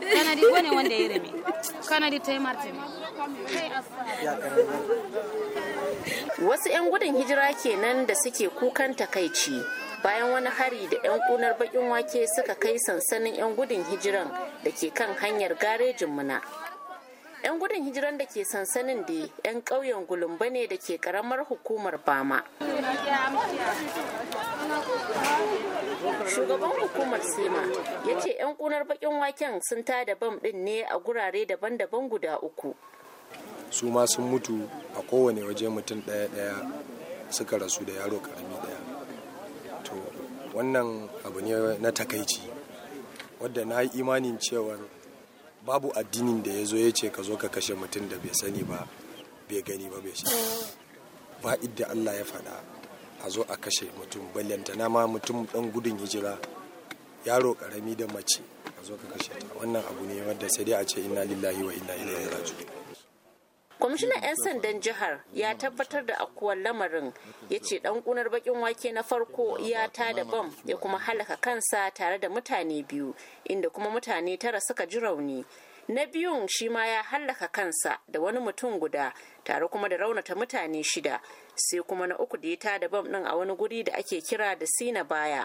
kanadi gone wasu 'yan gudun hijira kenan da suke kukan takaici bayan wani hari da 'yan kunar bakin wake suka kai sansanin 'yan gudun hijiran da ke kan hanyar garejin muna 'yan gudun hijiran da ke sansanin da 'yan ƙauyen gulumba ne da ke karamar hukumar bama shugaban hukumar sema ya ce 'yan kunar bakin waken sun ta da bam din ne a gurare daban-daban guda uku su ma sun mutu a kowane waje mutum daya-daya suka rasu da yaro karami daya to wannan abu ne na takaici wadda na yi imanin cewar babu addinin da ya zo ya ce ka zo ka kashe mutum da bai sani ba bai gani ba bai shi ba idda Allah ya faɗa a zo a kashe mutum ballantana ma mutum ɗan gudun hijira yaro karami da mace a zo ka kashe ta wannan abu ne wadda sai dai a ce ina lillahi wa inna ilaihi raji'un kwamishinan 'yan sandan jihar ya tabbatar da akuwar lamarin ya ce dan kunar bakin wake na farko ya ta da bam ya kuma halaka kansa tare da mutane biyu inda kuma mutane tara suka ji rauni na biyun shi ma ya hallaka kansa da wani mutum guda tare kuma da raunata mutane shida sai kuma na uku da ya da bam din a wani guri da ake kira da sina baya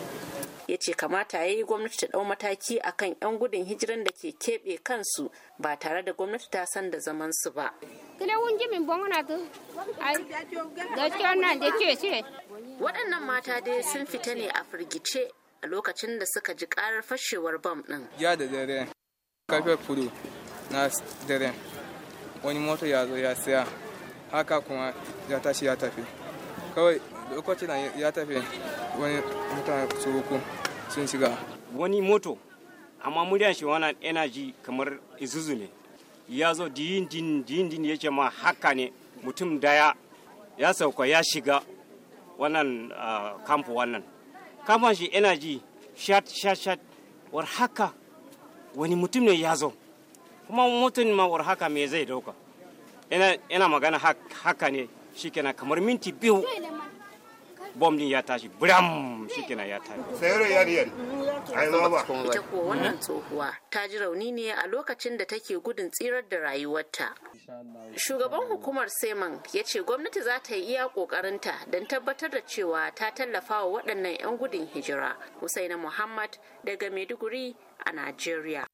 ya ce kamata ya yi gwamnati ta ɗau mataki a kan 'yan gudun hijiran da ke keɓe kansu ba tare da gwamnati ta san da zaman su ba. Waɗannan mata dai sun fita ne a firgice a lokacin da suka ji karar fashewar bam ɗin. Ya da dare, kafin kudu na dare, wani mota ya zo ya siya, haka kuma ya tashi ya tafi. Kawai lokacin ya tafi wani mutane su uku sun shiga wani moto amma muryan shi wani energy kamar izuzu ne ya zo diyin din diyin din ya ma haka ne mutum daya ya sauka ya shiga wannan kamfu wannan kamfan shi energy shat shat shat war haka wani mutum ne ya zo kuma mutum ma war haka me zai dauka yana magana haka ne shikenan kamar minti biyu bom din ya tashi shi kenan ya tashi sayar yari ai ma ba ita ko wannan tsohuwa ta ji rauni ne a lokacin da take gudun tsirar da rayuwarta shugaban hukumar seman ya ce gwamnati za ta yi iya kokarinta don tabbatar da cewa ta tallafa wa waɗannan 'yan gudun hijira husaina muhammad daga maiduguri a najeriya